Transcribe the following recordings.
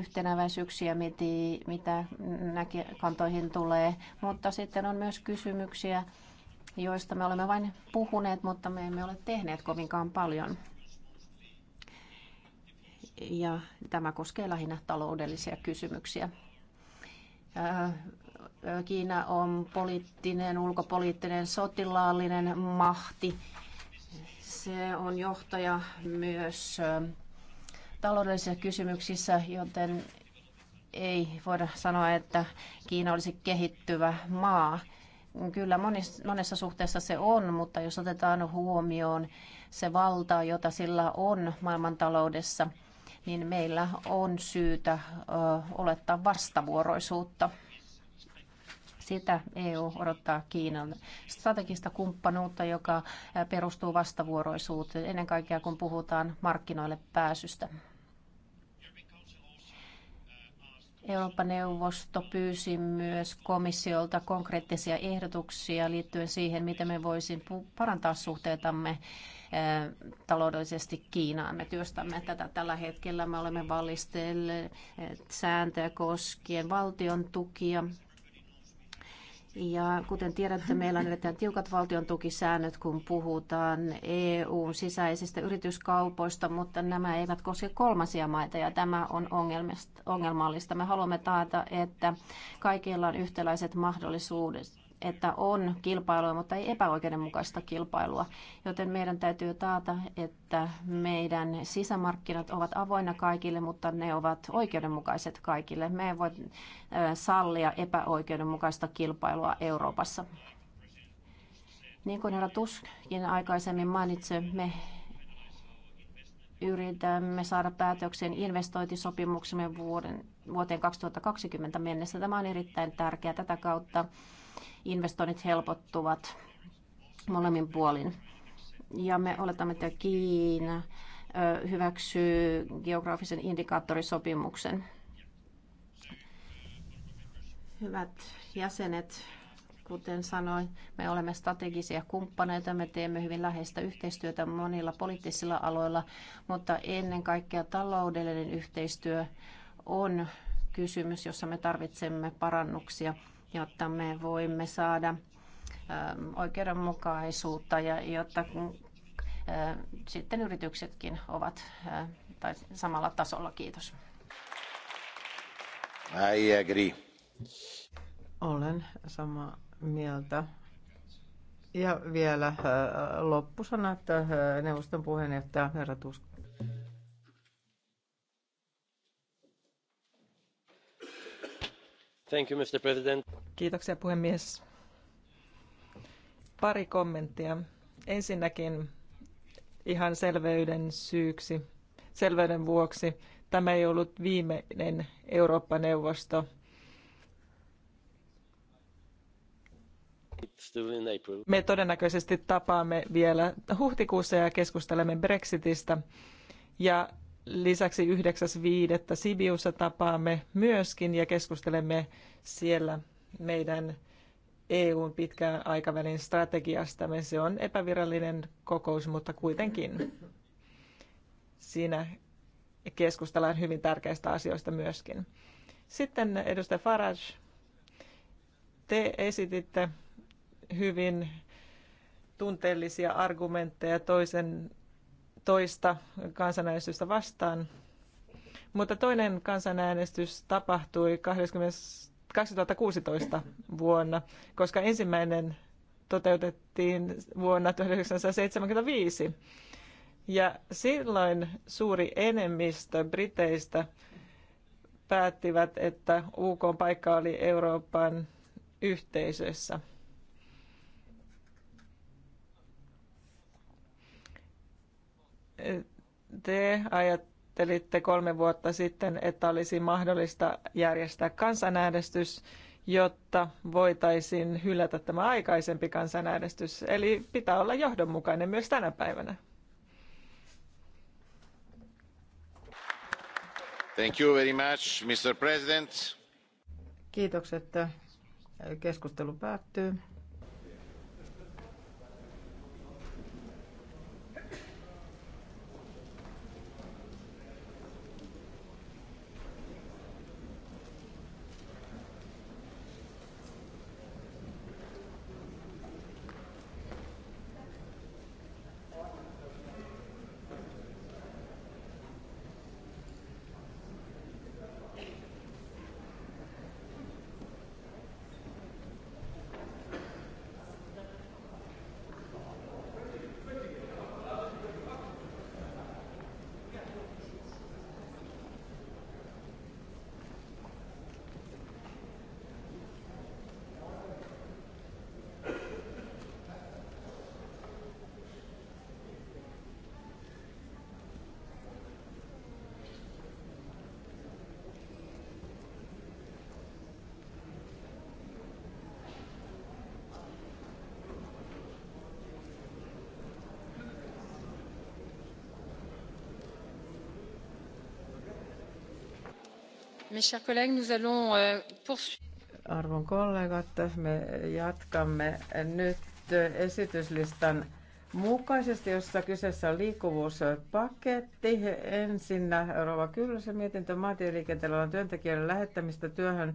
yhtenäväisyyksiä, mitä kantoihin tulee, mutta sitten on myös kysymyksiä, joista me olemme vain puhuneet, mutta me emme ole tehneet kovinkaan paljon. Ja tämä koskee lähinnä taloudellisia kysymyksiä. Kiina on poliittinen, ulkopoliittinen, sotilaallinen mahti. Se on johtaja myös taloudellisissa kysymyksissä, joten ei voida sanoa, että Kiina olisi kehittyvä maa. Kyllä monessa suhteessa se on, mutta jos otetaan huomioon se valta, jota sillä on maailmantaloudessa, niin meillä on syytä olettaa vastavuoroisuutta. Sitä EU odottaa Kiinalle. Strategista kumppanuutta, joka perustuu vastavuoroisuuteen, ennen kaikkea kun puhutaan markkinoille pääsystä. Euroopan neuvosto pyysi myös komissiolta konkreettisia ehdotuksia liittyen siihen, miten me voisin parantaa suhteitamme eh, taloudellisesti Kiinaan. Me työstämme tätä tällä hetkellä. Me olemme vallistelleet sääntöjä koskien valtion tukia ja kuten tiedätte, meillä on erittäin tiukat valtion tukisäännöt, kun puhutaan EUn sisäisistä yrityskaupoista, mutta nämä eivät koske kolmasia maita ja tämä on ongelmallista. Me haluamme taata, että kaikilla on yhtäläiset mahdollisuudet että on kilpailua, mutta ei epäoikeudenmukaista kilpailua. Joten meidän täytyy taata, että meidän sisämarkkinat ovat avoinna kaikille, mutta ne ovat oikeudenmukaiset kaikille. Me ei voi sallia epäoikeudenmukaista kilpailua Euroopassa. Niin kuin herra Tuskin aikaisemmin mainitsi, me yritämme saada päätöksen investointisopimuksemme vuoden, vuoteen 2020 mennessä. Tämä on erittäin tärkeää. Tätä kautta investoinnit helpottuvat molemmin puolin. Ja me oletamme, että Kiina hyväksyy geografisen indikaattorisopimuksen. Hyvät jäsenet, kuten sanoin, me olemme strategisia kumppaneita, me teemme hyvin läheistä yhteistyötä monilla poliittisilla aloilla, mutta ennen kaikkea taloudellinen yhteistyö on kysymys, jossa me tarvitsemme parannuksia jotta me voimme saada ähm, oikeudenmukaisuutta ja jotta äh, sitten yrityksetkin ovat äh, tai samalla tasolla. Kiitos. I agree. Olen samaa mieltä. Ja vielä äh, loppusanat neuvoston puheenjohtaja Herra Tusk. Thank you, Mr. President. Kiitoksia puhemies. Pari kommenttia. Ensinnäkin ihan selveyden syyksi, selveyden vuoksi, tämä ei ollut viimeinen Eurooppa-neuvosto. Me todennäköisesti tapaamme vielä huhtikuussa ja keskustelemme Brexitistä. Ja Lisäksi 9.5. Sibiussa tapaamme myöskin ja keskustelemme siellä meidän EUn pitkän aikavälin strategiastamme. Se on epävirallinen kokous, mutta kuitenkin siinä keskustellaan hyvin tärkeistä asioista myöskin. Sitten edustaja Farage, te esititte hyvin tunteellisia argumentteja toisen toista kansanäänestystä vastaan. Mutta toinen kansanäänestys tapahtui 20, 2016 vuonna, koska ensimmäinen toteutettiin vuonna 1975. Ja silloin suuri enemmistö Briteistä päättivät, että UK paikka oli Euroopan yhteisössä. te ajattelitte kolme vuotta sitten, että olisi mahdollista järjestää kansanäänestys, jotta voitaisiin hylätä tämä aikaisempi kansanäänestys. Eli pitää olla johdonmukainen myös tänä päivänä. Thank you very much, Mr. President. Kiitokset. Keskustelu päättyy. Euh, Arvon kollegat, me jatkamme nyt esityslistan mukaisesti, jossa kyseessä on liikkuvuuspaketti. Ensinnä Rova Kyllösen mietintö maantieliikenteellä on työntekijöiden lähettämistä työhön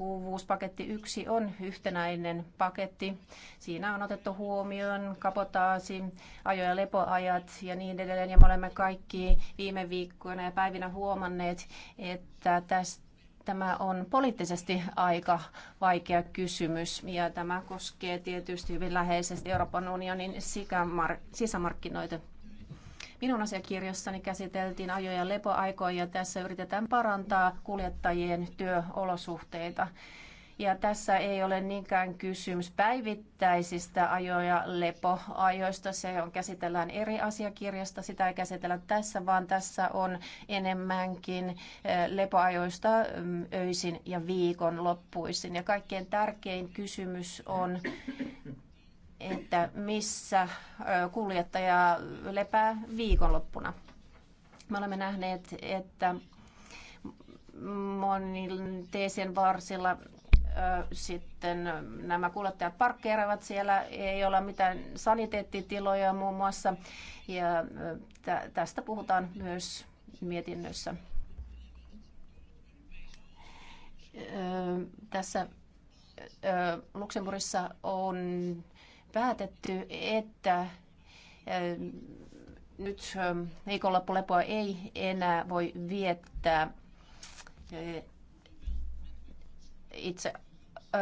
liikkuvuuspaketti 1 on yhtenäinen paketti. Siinä on otettu huomioon kapotaasi, ajo- ja lepoajat ja niin edelleen. Ja me olemme kaikki viime viikkoina ja päivinä huomanneet, että tästä tämä on poliittisesti aika vaikea kysymys ja tämä koskee tietysti hyvin läheisesti Euroopan unionin sisämarkkinoita. Minun asiakirjassani käsiteltiin ajo- ja lepoaikoja ja tässä yritetään parantaa kuljettajien työolosuhteita. Ja tässä ei ole niinkään kysymys päivittäisistä ajo- ja lepoajoista. Se on, käsitellään eri asiakirjasta, sitä ei käsitellä tässä, vaan tässä on enemmänkin eh, lepoajoista mm, öisin ja viikonloppuisin. Ja kaikkein tärkein kysymys on, että missä kuljettaja lepää viikonloppuna. Me olemme nähneet, että monin teesien varsilla sitten nämä kuljettajat parkkeeraavat siellä, ei ole mitään saniteettitiloja muun muassa, ja tästä puhutaan myös mietinnössä. Tässä Luxemburgissa on päätetty, että nyt viikonloppulepoa ei enää voi viettää itse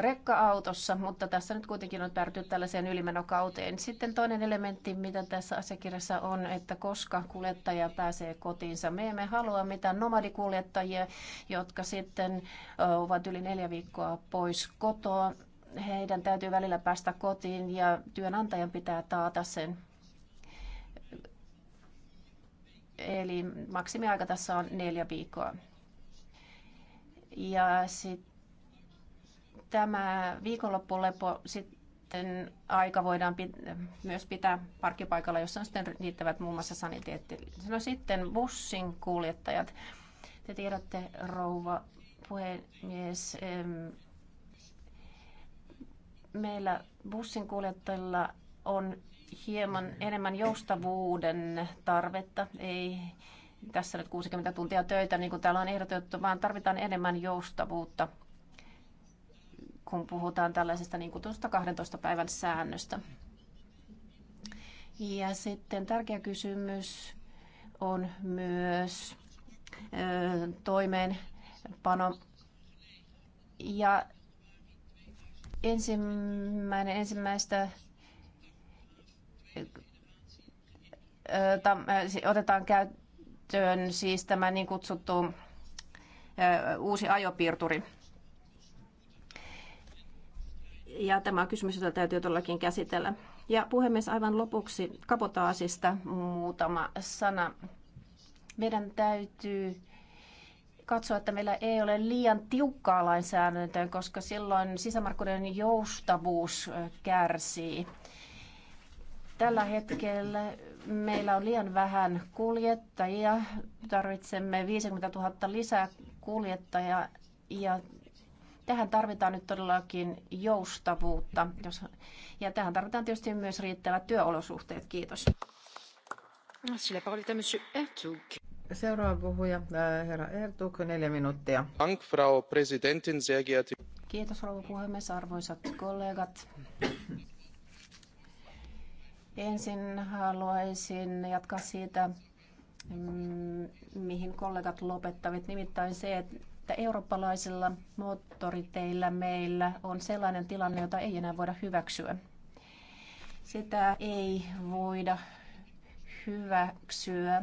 rekka-autossa, mutta tässä nyt kuitenkin on päätynyt tällaiseen ylimenokauteen. Sitten toinen elementti, mitä tässä asiakirjassa on, että koska kuljettaja pääsee kotiinsa. Me emme halua mitään nomadikuljettajia, jotka sitten ovat yli neljä viikkoa pois kotoa heidän täytyy välillä päästä kotiin ja työnantajan pitää taata sen. Eli maksimiaika tässä on neljä viikkoa. Ja sitten tämä viikonloppulepo sitten aika voidaan pit- myös pitää parkkipaikalla, jossa on sitten riittävät muun muassa saniteetti. No sitten bussin kuljettajat. Te tiedätte, rouva puhemies, meillä bussin kuljettajilla on hieman enemmän joustavuuden tarvetta. Ei tässä nyt 60 tuntia töitä, niin kuin täällä on ehdotettu, vaan tarvitaan enemmän joustavuutta, kun puhutaan tällaisesta niin tuosta 12 päivän säännöstä. Ja sitten tärkeä kysymys on myös toimeenpano. Ja ensimmäinen ensimmäistä otetaan käyttöön siis tämä niin kutsuttu uusi ajopiirturi. Ja tämä on kysymys, jota täytyy todellakin käsitellä. Ja puhemies, aivan lopuksi kapotaasista muutama sana. Meidän täytyy katsoa, että meillä ei ole liian tiukkaa lainsäädäntöä, koska silloin sisämarkkinoiden joustavuus kärsii. Tällä hetkellä meillä on liian vähän kuljettajia. Tarvitsemme 50 000 lisää kuljettajia. ja tähän tarvitaan nyt todellakin joustavuutta. ja tähän tarvitaan tietysti myös riittävät työolosuhteet. Kiitos. à monsieur Ertug. Seuraava puhuja, äh, herra Ertuk, neljä minuuttia. Dank, Frau Präsidentin, sehr geehrte... Kiitos rouva puhemies, arvoisat kollegat. Ensin haluaisin jatkaa siitä, mm, mihin kollegat lopettavat, nimittäin se, että eurooppalaisilla moottoriteillä meillä on sellainen tilanne, jota ei enää voida hyväksyä. Sitä ei voida hyväksyä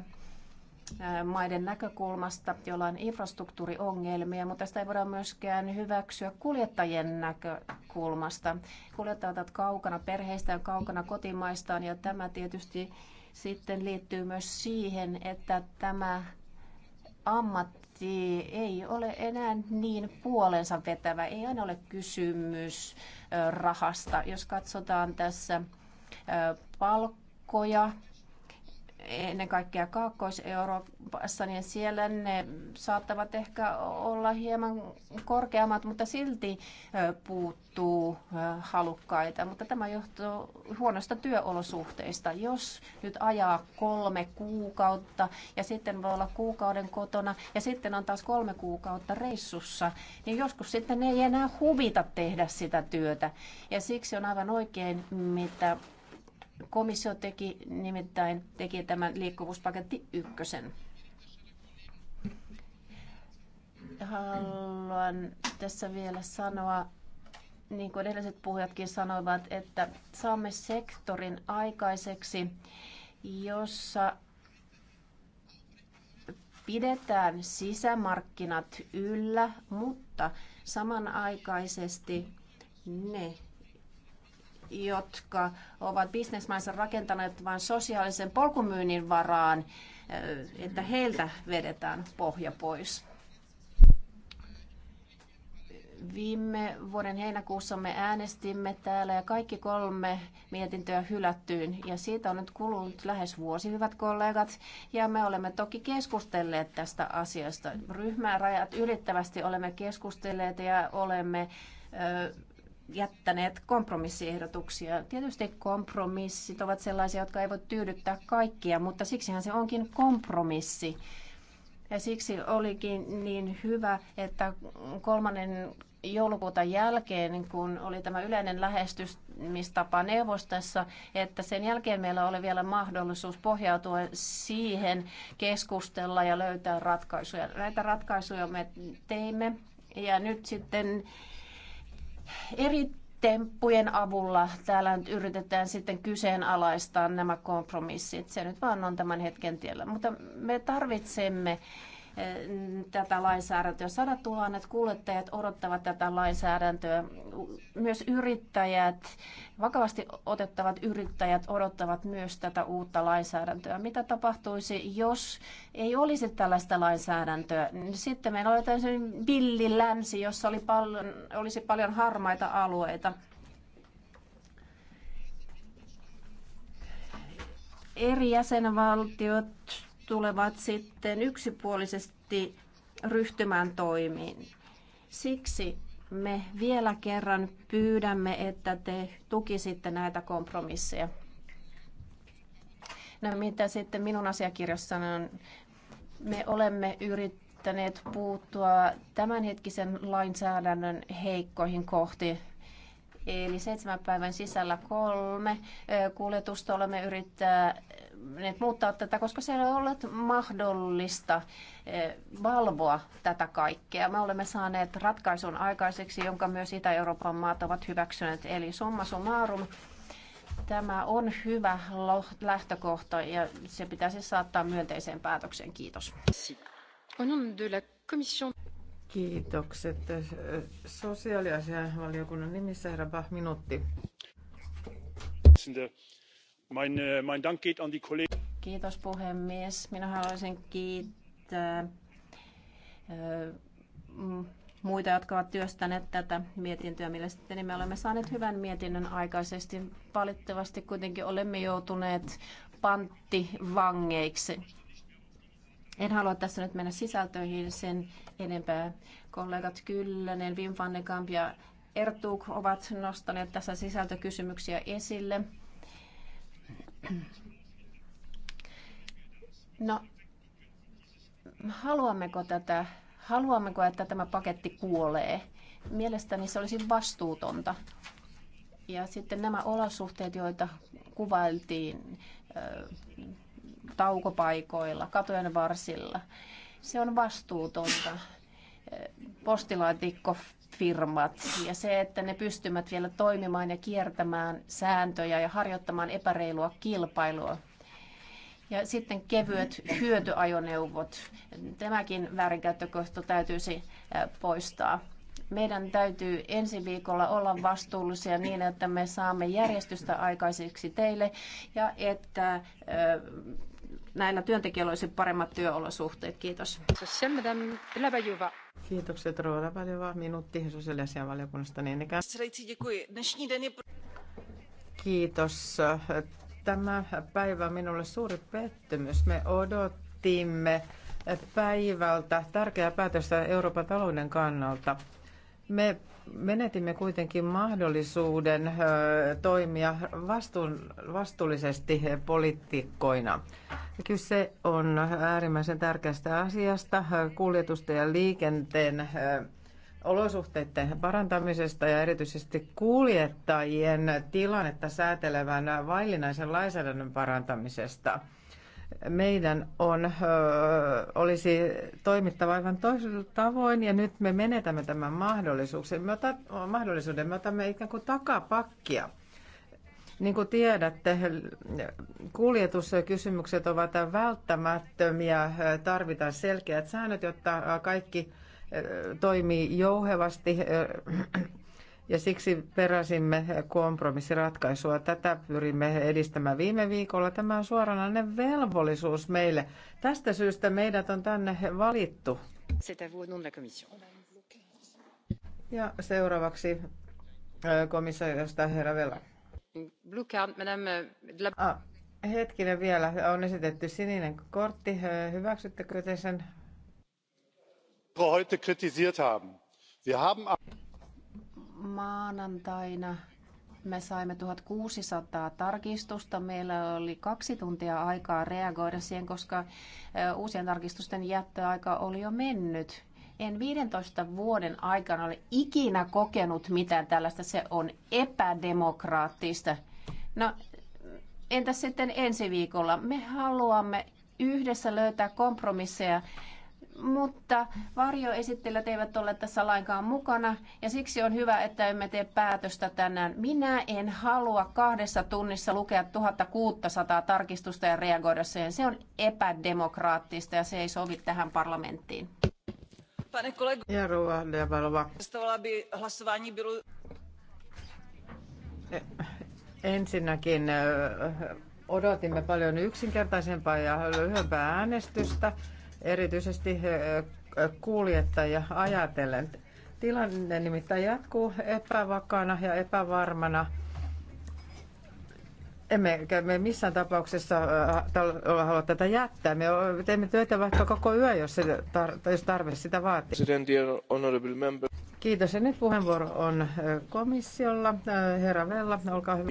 maiden näkökulmasta, joilla on infrastruktuuriongelmia, mutta sitä ei voida myöskään hyväksyä kuljettajien näkökulmasta. Kuljettajat ovat kaukana perheistään, kaukana kotimaistaan ja tämä tietysti sitten liittyy myös siihen, että tämä ammatti ei ole enää niin puolensa vetävä. Ei aina ole kysymys rahasta. Jos katsotaan tässä palkkoja, ennen kaikkea Kaakkois-Euroopassa, niin siellä ne saattavat ehkä olla hieman korkeammat, mutta silti puuttuu halukkaita. Mutta tämä johtuu huonosta työolosuhteista. Jos nyt ajaa kolme kuukautta ja sitten voi olla kuukauden kotona ja sitten on taas kolme kuukautta reissussa, niin joskus sitten ei enää huvita tehdä sitä työtä. Ja siksi on aivan oikein, mitä Komissio teki nimittäin teki tämän liikkuvuuspaketti ykkösen. Haluan tässä vielä sanoa, niin kuin edelliset puhujatkin sanoivat, että saamme sektorin aikaiseksi, jossa pidetään sisämarkkinat yllä, mutta samanaikaisesti ne jotka ovat bisnesmaissa rakentaneet vain sosiaalisen polkumyynnin varaan, että heiltä vedetään pohja pois. Viime vuoden heinäkuussa me äänestimme täällä ja kaikki kolme mietintöä hylättyyn ja siitä on nyt kulunut lähes vuosi, hyvät kollegat. Ja me olemme toki keskustelleet tästä asiasta. Ryhmärajat ylittävästi olemme keskustelleet ja olemme jättäneet kompromissiehdotuksia. Tietysti kompromissit ovat sellaisia, jotka ei voi tyydyttää kaikkia, mutta siksihän se onkin kompromissi. Ja siksi olikin niin hyvä, että kolmannen joulukuuta jälkeen, niin kun oli tämä yleinen lähestymistapa neuvostossa, että sen jälkeen meillä oli vielä mahdollisuus pohjautua siihen, keskustella ja löytää ratkaisuja. Näitä ratkaisuja me teimme ja nyt sitten eri temppujen avulla täällä nyt yritetään sitten kyseenalaistaa nämä kompromissit. Se nyt vaan on tämän hetken tiellä. Mutta me tarvitsemme Eh, tätä lainsäädäntöä. Sadat tuhannet kuljettajat odottavat tätä lainsäädäntöä. Myös yrittäjät, vakavasti otettavat yrittäjät odottavat myös tätä uutta lainsäädäntöä. Mitä tapahtuisi, jos ei olisi tällaista lainsäädäntöä? Sitten meillä oli tämmöinen villi länsi, jossa oli paljon, olisi paljon harmaita alueita. eri jäsenvaltiot tulevat sitten yksipuolisesti ryhtymään toimiin. Siksi me vielä kerran pyydämme, että te tukisitte näitä kompromisseja. No mitä sitten minun asiakirjassani on? Me olemme yrittäneet puuttua tämänhetkisen lainsäädännön heikkoihin kohti. Eli seitsemän päivän sisällä kolme kuljetusta olemme yrittää halunneet muuttaa tätä, koska se ei ole ollut mahdollista eh, valvoa tätä kaikkea. Me olemme saaneet ratkaisun aikaiseksi, jonka myös Itä-Euroopan maat ovat hyväksyneet. Eli summa summarum, tämä on hyvä lähtökohta ja se pitäisi saattaa myönteiseen päätökseen. Kiitos. Kiitokset. Sosiaaliasian valiokunnan nimissä herra Bach, minuutti. Äh, Kiitos puhemies. Minä haluaisin kiittää äh, muita, jotka ovat työstäneet tätä mietintöä. Mielestäni me olemme saaneet hyvän mietinnön aikaisesti. Valitettavasti kuitenkin olemme joutuneet panttivangeiksi. En halua tässä nyt mennä sisältöihin sen enempää. Kollegat Kyllönen, Wim van de Kamp ja Ertug ovat nostaneet tässä sisältökysymyksiä esille. No, haluammeko tätä, haluammeko, että tämä paketti kuolee? Mielestäni se olisi vastuutonta. Ja sitten nämä olosuhteet, joita kuvailtiin taukopaikoilla, katojen varsilla, se on vastuutonta postilaatikko firmat ja se, että ne pystyvät vielä toimimaan ja kiertämään sääntöjä ja harjoittamaan epäreilua kilpailua. Ja sitten kevyet hyötyajoneuvot. Tämäkin väärinkäyttökohta täytyisi poistaa. Meidän täytyy ensi viikolla olla vastuullisia niin, että me saamme järjestystä aikaiseksi teille ja että näillä työntekijöillä olisi paremmat työolosuhteet. Kiitos. Kiitokset Roola Läpäjova. Minuutti sosiaalisen valiokunnasta niin ikään. Kiitos. Tämä päivä on minulle suuri pettymys. Me odottimme päivältä tärkeää päätöstä Euroopan talouden kannalta. Me menetimme kuitenkin mahdollisuuden toimia vastuun, vastuullisesti poliittikkoina. Kyse on äärimmäisen tärkeästä asiasta, kuljetusta ja liikenteen olosuhteiden parantamisesta ja erityisesti kuljettajien tilannetta säätelevän vaillinaisen lainsäädännön parantamisesta – meidän on, olisi toimittava aivan toisella tavoin ja nyt me menetämme tämän mahdollisuuden. Me, otat, mahdollisuuden. me otamme ikään kuin takapakkia. Niin kuin tiedätte, kuljetuskysymykset ovat välttämättömiä. Tarvitaan selkeät säännöt, jotta kaikki toimii jouhevasti ja siksi peräsimme kompromissiratkaisua. Tätä pyrimme edistämään viime viikolla. Tämä on suoranainen velvollisuus meille. Tästä syystä meidät on tänne valittu. Ja seuraavaksi komissaariosta herra Vela. Blue card, madame, la... ah, hetkinen vielä, on esitetty sininen kortti. Hyväksyttekö te sen? Heute kritisiert haben. Wir haben maanantaina me saimme 1600 tarkistusta. Meillä oli kaksi tuntia aikaa reagoida siihen, koska uusien tarkistusten jättöaika oli jo mennyt. En 15 vuoden aikana ole ikinä kokenut mitään tällaista. Se on epädemokraattista. No, entäs sitten ensi viikolla? Me haluamme yhdessä löytää kompromisseja mutta varjoesittelijät eivät ole tässä lainkaan mukana ja siksi on hyvä, että emme tee päätöstä tänään. Minä en halua kahdessa tunnissa lukea 1600 tarkistusta ja reagoida siihen. Se on epädemokraattista ja se ei sovi tähän parlamenttiin. Pane kolego, Ensinnäkin odotimme paljon yksinkertaisempaa ja lyhyempää äänestystä erityisesti eh, kuljettajia ajatellen. Tilanne nimittäin jatkuu epävakaana ja epävarmana. Emmekä me missään tapauksessa eh, halua tätä jättää. Me teemme työtä vaikka koko yö, jos, se tar- jos tarve sitä vaatii. Kiitos. Ja nyt puheenvuoro on eh, komissiolla. Herra Vella, olkaa hyvä.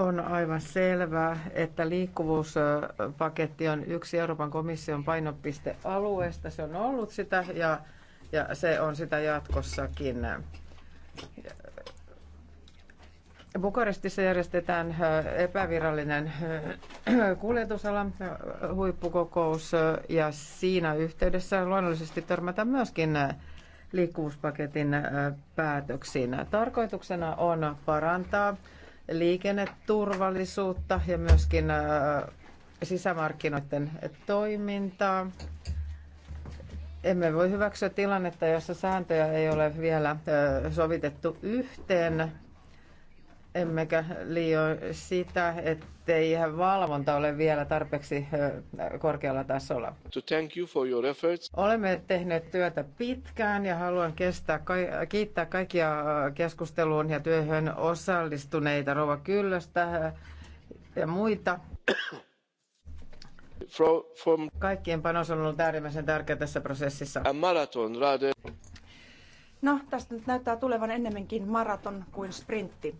On aivan selvää, että liikkuvuuspaketti on yksi Euroopan komission painopistealueesta. Se on ollut sitä ja, ja se on sitä jatkossakin. Bukarestissa järjestetään äh, epävirallinen äh, kuljetusalan äh, huippukokous ja siinä yhteydessä luonnollisesti törmätään myöskin liikkuvuuspaketin päätöksiin. Tarkoituksena on parantaa liikenneturvallisuutta ja myöskin äh, sisämarkkinoiden toimintaa. Emme voi hyväksyä tilannetta, jossa sääntöjä ei ole vielä äh, sovitettu yhteen emmekä liio sitä, ettei valvonta ole vielä tarpeeksi korkealla tasolla. To thank you for your efforts. Olemme tehneet työtä pitkään ja haluan kestää, kiittää kaikkia keskusteluun ja työhön osallistuneita Rova Kyllöstä ja muita. From Kaikkien panos on ollut äärimmäisen tärkeä tässä prosessissa. A marathon rather. No, tästä nyt näyttää tulevan ennemminkin maraton kuin sprintti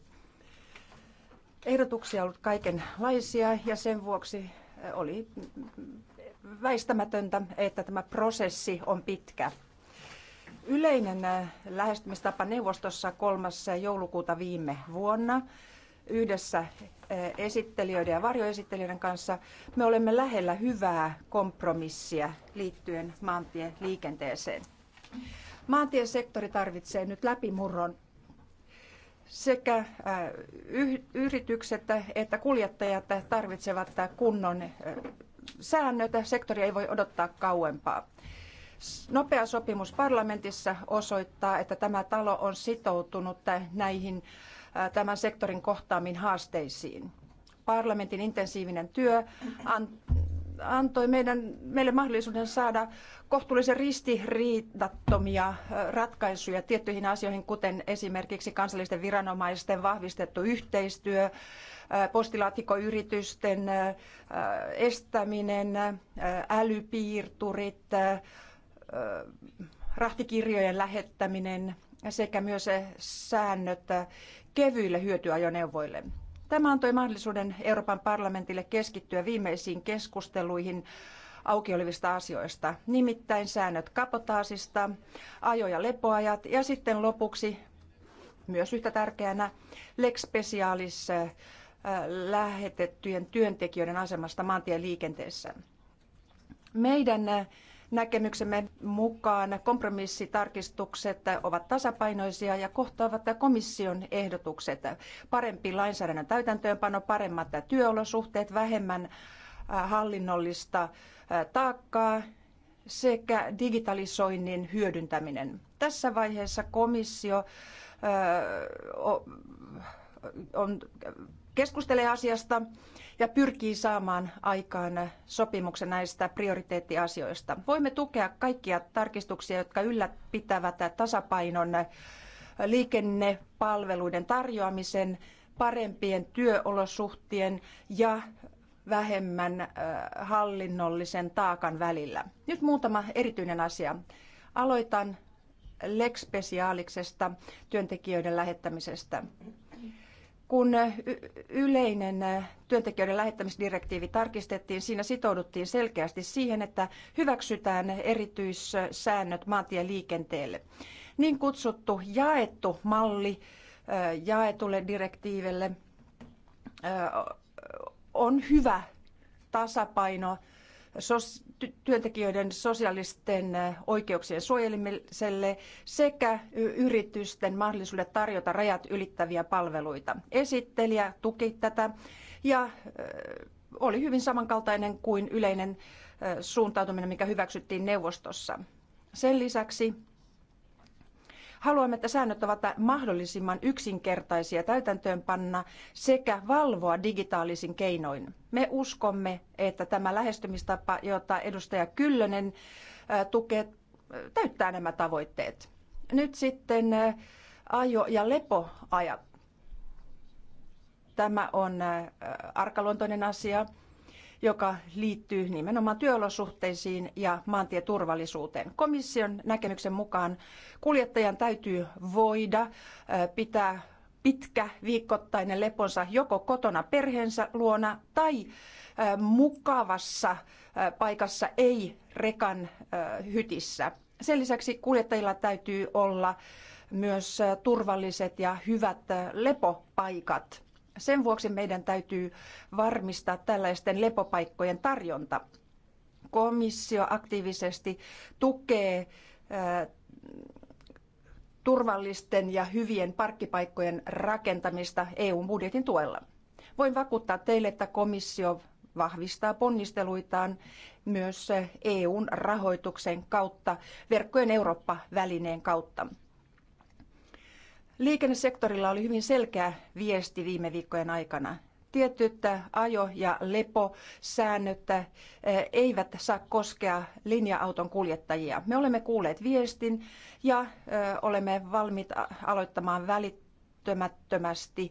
ehdotuksia ollut kaikenlaisia ja sen vuoksi oli väistämätöntä, että tämä prosessi on pitkä. Yleinen lähestymistapa neuvostossa 3. joulukuuta viime vuonna yhdessä esittelijöiden ja varjoesittelijöiden kanssa me olemme lähellä hyvää kompromissia liittyen maantieliikenteeseen. Maantiesektori tarvitsee nyt läpimurron sekä äh, yritykset että kuljettajat tarvitsevat kunnon äh, säännöt. Sektori ei voi odottaa kauempaa. Nopea sopimus parlamentissa osoittaa, että tämä talo on sitoutunut näihin äh, tämän sektorin kohtaamiin haasteisiin. Parlamentin intensiivinen työ antoi meidän, meille mahdollisuuden saada kohtuullisen ristiriidattomia ratkaisuja tiettyihin asioihin, kuten esimerkiksi kansallisten viranomaisten vahvistettu yhteistyö, postilaatikoyritysten estäminen, älypiirturit, rahtikirjojen lähettäminen sekä myös säännöt kevyille hyötyajoneuvoille. Tämä antoi mahdollisuuden Euroopan parlamentille keskittyä viimeisiin keskusteluihin auki olevista asioista, nimittäin säännöt kapotaasista, ajo- ja lepoajat ja sitten lopuksi myös yhtä tärkeänä Lex Specialis äh, lähetettyjen työntekijöiden asemasta maantieliikenteessä. Meidän äh, Näkemyksemme mukaan kompromissitarkistukset ovat tasapainoisia ja kohtaavat komission ehdotukset. Parempi lainsäädännön täytäntöönpano, paremmat työolosuhteet, vähemmän hallinnollista taakkaa sekä digitalisoinnin hyödyntäminen. Tässä vaiheessa komissio on keskustelee asiasta ja pyrkii saamaan aikaan sopimuksen näistä prioriteettiasioista. Voimme tukea kaikkia tarkistuksia, jotka ylläpitävät tasapainon liikennepalveluiden tarjoamisen, parempien työolosuhtien ja vähemmän hallinnollisen taakan välillä. Nyt muutama erityinen asia. Aloitan Lex Specialiksesta, työntekijöiden lähettämisestä kun yleinen työntekijöiden lähettämisdirektiivi tarkistettiin, siinä sitouduttiin selkeästi siihen, että hyväksytään erityissäännöt maantieliikenteelle. Niin kutsuttu jaettu malli jaetulle direktiiville on hyvä tasapaino työntekijöiden sosiaalisten oikeuksien suojelemiselle sekä yritysten mahdollisuudet tarjota rajat ylittäviä palveluita. Esittelijä tuki tätä ja oli hyvin samankaltainen kuin yleinen suuntautuminen, mikä hyväksyttiin neuvostossa. Sen lisäksi Haluamme, että säännöt ovat mahdollisimman yksinkertaisia täytäntöönpanna sekä valvoa digitaalisin keinoin. Me uskomme, että tämä lähestymistapa, jota edustaja Kyllönen tukee, täyttää nämä tavoitteet. Nyt sitten ajo- ja lepoajat. Tämä on arkaluontoinen asia joka liittyy nimenomaan työolosuhteisiin ja maantieturvallisuuteen. Komission näkemyksen mukaan kuljettajan täytyy voida pitää pitkä viikoittainen leponsa joko kotona perheensä luona tai mukavassa paikassa, ei rekan hytissä. Sen lisäksi kuljettajilla täytyy olla myös turvalliset ja hyvät lepopaikat. Sen vuoksi meidän täytyy varmistaa tällaisten lepopaikkojen tarjonta. Komissio aktiivisesti tukee turvallisten ja hyvien parkkipaikkojen rakentamista EU-budjetin tuella. Voin vakuuttaa teille, että komissio vahvistaa ponnisteluitaan myös EUn rahoituksen kautta, verkkojen Eurooppa-välineen kautta. Liikennesektorilla oli hyvin selkeä viesti viime viikkojen aikana. Tietyt ajo- ja leposäännöt eh, eivät saa koskea linja-auton kuljettajia. Me olemme kuulleet viestin ja eh, olemme valmiit aloittamaan välittömättömästi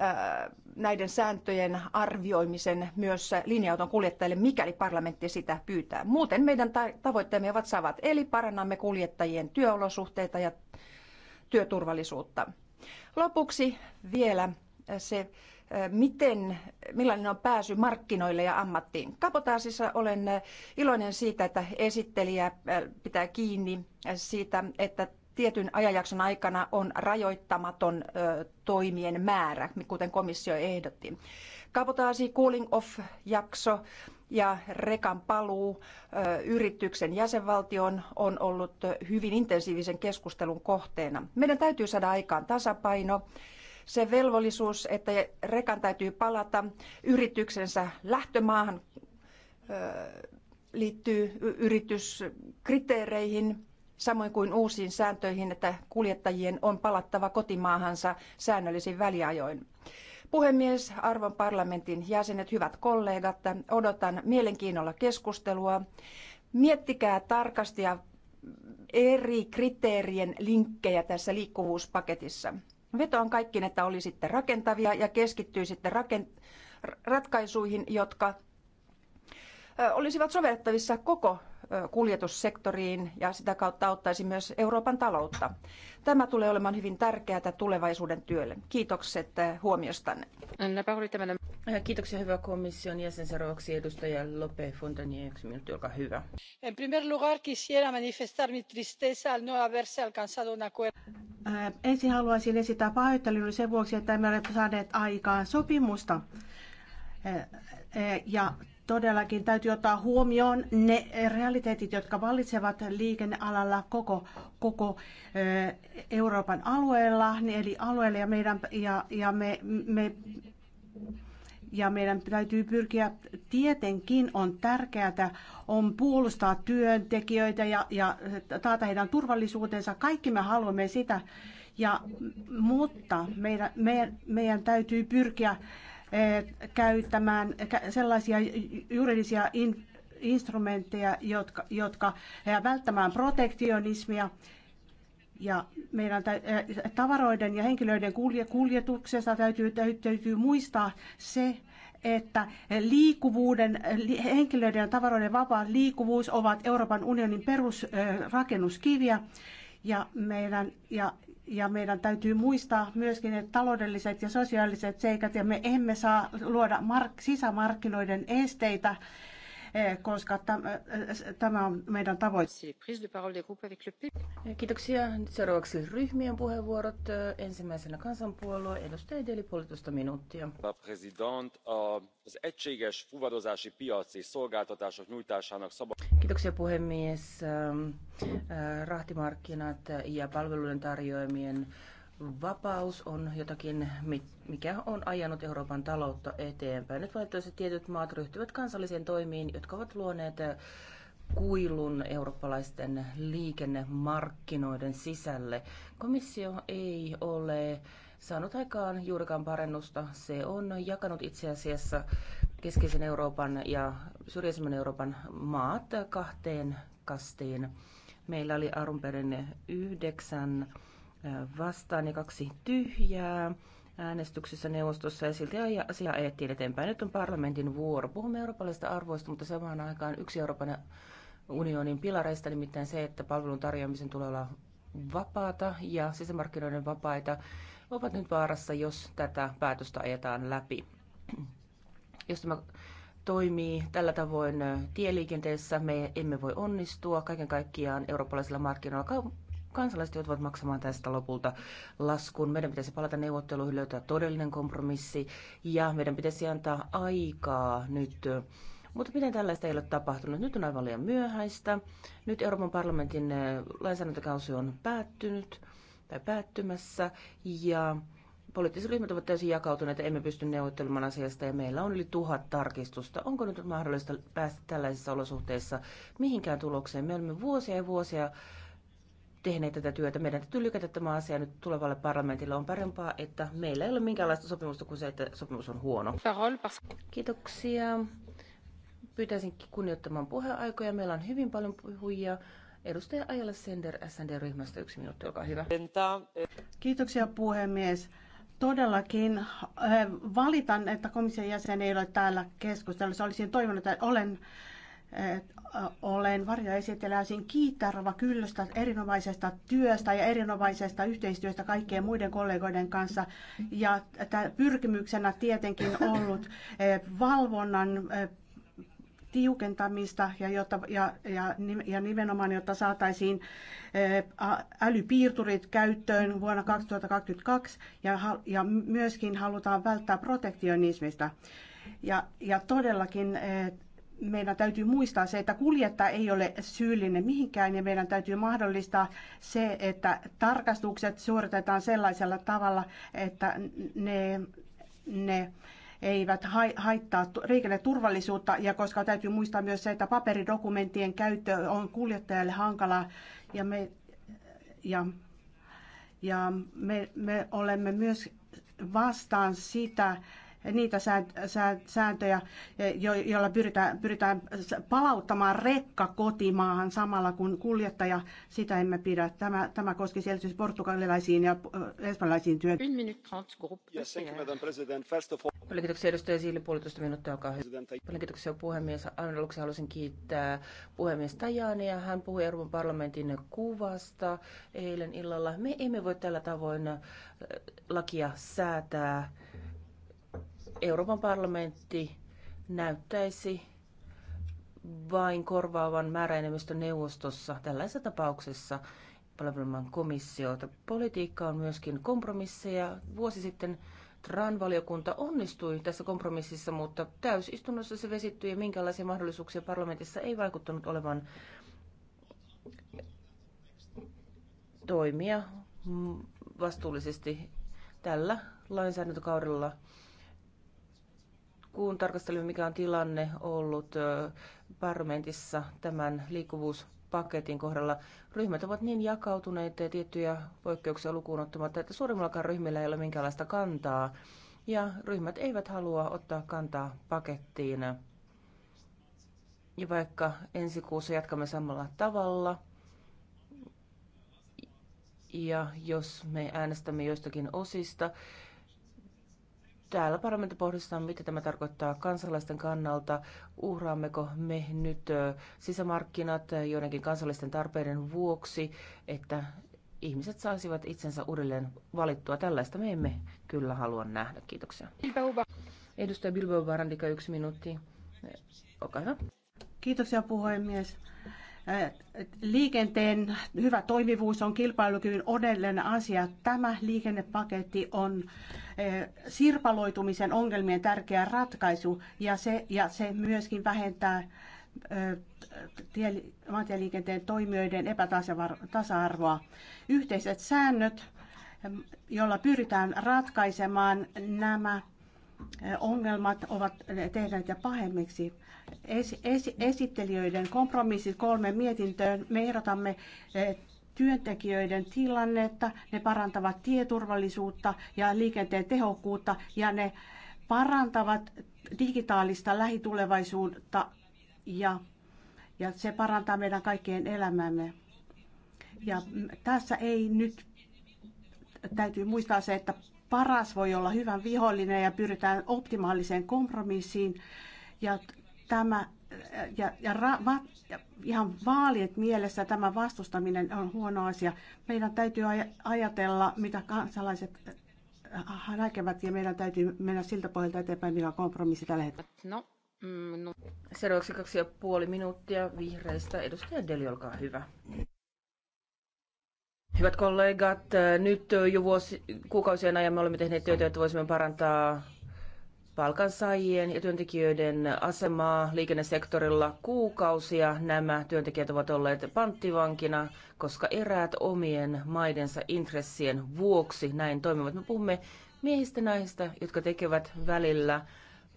eh, näiden sääntöjen arvioimisen myös linja-auton kuljettajille, mikäli parlamentti sitä pyytää. Muuten meidän tavoitteemme ovat samat, eli parannamme kuljettajien työolosuhteita ja työturvallisuutta. Lopuksi vielä se, miten, millainen on pääsy markkinoille ja ammattiin. Kapotaasissa olen iloinen siitä, että esittelijä pitää kiinni siitä, että tietyn ajanjakson aikana on rajoittamaton toimien määrä, kuten komissio ehdotti kabotaasi cooling off jakso ja rekan paluu yrityksen jäsenvaltioon on ollut hyvin intensiivisen keskustelun kohteena. Meidän täytyy saada aikaan tasapaino se velvollisuus, että rekan täytyy palata yrityksensä lähtömaahan liittyy yrityskriteereihin, samoin kuin uusiin sääntöihin, että kuljettajien on palattava kotimaahansa säännöllisin väliajoin. Puhemies, arvon parlamentin jäsenet, hyvät kollegat, odotan mielenkiinnolla keskustelua. Miettikää tarkasti ja eri kriteerien linkkejä tässä liikkuvuuspaketissa. Vetoan kaikkiin, että olisitte rakentavia ja keskittyisitte rakent- ratkaisuihin, jotka olisivat sovellettavissa koko kuljetussektoriin ja sitä kautta auttaisi myös Euroopan taloutta. Tämä tulee olemaan hyvin tärkeää tulevaisuuden työlle. Kiitokset huomiostanne. Kiitoksia hyvä komission jäsen. Seuraavaksi edustaja Lope Fontanier, yksi minuutti, olkaa hyvä. En primer lugar quisiera manifestar mi tristeza al no haberse alcanzado un acuerdo. Ensin haluaisin esittää pahoittelun sen vuoksi, että emme ole saaneet aikaan sopimusta. Ja todellakin täytyy ottaa huomioon ne realiteetit, jotka vallitsevat liikennealalla koko, koko Euroopan alueella, niin eli alueella ja meidän, ja, ja me, me ja meidän täytyy pyrkiä, tietenkin on tärkeää, on puolustaa työntekijöitä ja, ja taata heidän turvallisuutensa. Kaikki me haluamme sitä, ja, mutta meidän, meidän, meidän täytyy pyrkiä Eh, käyttämään sellaisia juridisia in, instrumentteja, jotka, jotka eh, välttämään protektionismia ja meidän eh, tavaroiden ja henkilöiden kuljetuksessa täytyy, täytyy muistaa se, että liikkuvuuden, henkilöiden ja tavaroiden vapaa liikkuvuus ovat Euroopan unionin perusrakennuskiviä ja meidän ja ja meidän täytyy muistaa myöskin, että taloudelliset ja sosiaaliset seikat, ja me emme saa luoda mark- sisämarkkinoiden esteitä Eh, koska eh, eh, tämä on meidän tavoite. Kiitoksia. Nyt seuraavaksi ryhmien puheenvuorot. Ensimmäisenä kansanpuolue, edustaja Deli, puolitoista minuuttia. Kiitoksia puhemies. Rahtimarkkinat ja palveluiden tarjoamien vapaus on jotakin, mikä on ajanut Euroopan taloutta eteenpäin. Nyt valitettavasti tietyt maat ryhtyvät kansallisiin toimiin, jotka ovat luoneet kuilun eurooppalaisten liikennemarkkinoiden sisälle. Komissio ei ole saanut aikaan juurikaan parennusta. Se on jakanut itse asiassa keskeisen Euroopan ja syrjäisemmän Euroopan maat kahteen kastiin. Meillä oli arun perin yhdeksän vastaan ja niin kaksi tyhjää äänestyksessä neuvostossa ja silti asia ajettiin eteenpäin. Nyt on parlamentin vuoro. Puhumme eurooppalaisista arvoista, mutta samaan aikaan yksi Euroopan unionin pilareista, nimittäin se, että palvelun tarjoamisen tulee olla vapaata ja sisämarkkinoiden vapaita, ovat nyt vaarassa, jos tätä päätöstä ajetaan läpi. Jos tämä toimii tällä tavoin tieliikenteessä, me emme voi onnistua. Kaiken kaikkiaan eurooppalaisilla markkinoilla kansalaiset joutuvat maksamaan tästä lopulta laskun. Meidän pitäisi palata neuvotteluihin, löytää todellinen kompromissi ja meidän pitäisi antaa aikaa nyt mutta miten tällaista ei ole tapahtunut? Nyt on aivan liian myöhäistä. Nyt Euroopan parlamentin eh, lainsäädäntökausi on päättynyt tai päättymässä ja poliittiset ryhmät ovat täysin jakautuneet, emme pysty neuvottelemaan asiasta ja meillä on yli tuhat tarkistusta. Onko nyt mahdollista päästä tällaisissa olosuhteissa mihinkään tulokseen? Me olemme vuosia ja vuosia tehneet tätä työtä. Meidän täytyy lykätä tämä asia nyt tulevalle parlamentille. On parempaa, että meillä ei ole minkäänlaista sopimusta kuin se, että sopimus on huono. Kiitoksia. Pyytäisin kunnioittamaan puheaikoja. Meillä on hyvin paljon puhujia. Edustaja Ajala Sender SND-ryhmästä yksi minuutti, olkaa hyvä. Kiitoksia puhemies. Todellakin eh, valitan, että komission jäsen ei ole täällä keskustelussa. Olisin toivonut, että olen olen Varja Esiteläisin kiittää Kyllöstä erinomaisesta työstä ja erinomaisesta yhteistyöstä kaikkien muiden kollegoiden kanssa. Ja pyrkimyksenä tietenkin ollut e, valvonnan e, tiukentamista ja, jotta, ja, ja, ja nimenomaan, jotta saataisiin e, älypiirturit käyttöön vuonna 2022 ja, ja myöskin halutaan välttää protektionismista. Ja, ja todellakin meidän täytyy muistaa se, että kuljettaja ei ole syyllinen mihinkään ja meidän täytyy mahdollistaa se, että tarkastukset suoritetaan sellaisella tavalla, että ne, ne eivät haittaa liikenneturvallisuutta ja koska täytyy muistaa myös se, että paperidokumenttien käyttö on kuljettajalle hankalaa ja me, ja, ja me, me olemme myös vastaan sitä, niitä sääntöjä, e, joilla pyritään, pyritään palauttamaan rekka kotimaahan samalla kun kuljettaja, sitä emme pidä. Tämä, tämä koski erityisesti portugalilaisiin ja e, espanjalaisiin työn. Paljon kiitoksia edustaja Siili, puolitoista minuuttia, olkaa hyvä. Paljon kiitoksia puhemies. Aluksi haluaisin kiittää puhemies Tajania. Hän puhui Euroopan parlamentin kuvasta eilen illalla. Me emme voi tällä tavoin e, lakia säätää Euroopan parlamentti näyttäisi vain korvaavan määräenemmistön neuvostossa tällaisessa tapauksessa palvelemaan komissiota. Politiikka on myöskin kompromisseja. Vuosi sitten TRAN-valiokunta onnistui tässä kompromississa, mutta täysistunnossa se vesittyi ja minkälaisia mahdollisuuksia parlamentissa ei vaikuttanut olevan toimia vastuullisesti tällä lainsäädäntökaudella kun tarkastelemme, mikä on tilanne ollut parlamentissa tämän liikkuvuuspaketin kohdalla, ryhmät ovat niin jakautuneet ja tiettyjä poikkeuksia lukuun ottamatta, että suurimmallakaan ryhmillä ei ole minkäänlaista kantaa. Ja ryhmät eivät halua ottaa kantaa pakettiin. Ja vaikka ensi kuussa jatkamme samalla tavalla, ja jos me äänestämme joistakin osista, täällä parlamentti pohdistetaan, mitä tämä tarkoittaa kansalaisten kannalta. Uhraammeko me nyt sisämarkkinat joidenkin kansallisten tarpeiden vuoksi, että ihmiset saisivat itsensä uudelleen valittua. Tällaista me emme kyllä halua nähdä. Kiitoksia. Edustaja Bilbao Barandika, yksi minuutti. Olkaa hyvä. Kiitoksia puhemies. Äh, liikenteen hyvä toimivuus on kilpailukyvyn odellinen asia. Tämä liikennepaketti on äh, sirpaloitumisen ongelmien tärkeä ratkaisu ja se, ja se myöskin vähentää äh, maantieliikenteen toimijoiden epätasa-arvoa. Yhteiset säännöt, joilla pyritään ratkaisemaan nämä ongelmat, ovat tehneet ja pahemmiksi es, es, esittelijöiden kompromissit kolme mietintöön. Me ehdotamme eh, työntekijöiden tilannetta, ne parantavat tieturvallisuutta ja liikenteen tehokkuutta ja ne parantavat digitaalista lähitulevaisuutta ja, ja se parantaa meidän kaikkien elämämme. Ja tässä ei nyt, täytyy muistaa se, että paras voi olla hyvän vihollinen ja pyritään optimaaliseen kompromissiin ja Tämä ja, ja, ra, va, ja ihan vaalit mielessä tämä vastustaminen on huono asia. Meidän täytyy ajatella, mitä kansalaiset äh, näkevät, ja meidän täytyy mennä siltä pohjalta eteenpäin, mikä on kompromissi tällä hetkellä. No, mm, no. Seuraavaksi kaksi ja puoli minuuttia vihreistä. Edustaja Deli, olkaa hyvä. Hyvät kollegat, äh, nyt jo vuosi, kuukausien ajan me olemme tehneet työtä, että voisimme parantaa palkansaajien ja työntekijöiden asemaa liikennesektorilla kuukausia. Nämä työntekijät ovat olleet panttivankina, koska eräät omien maidensa intressien vuoksi näin toimivat. Me puhumme miehistä naisista, jotka tekevät välillä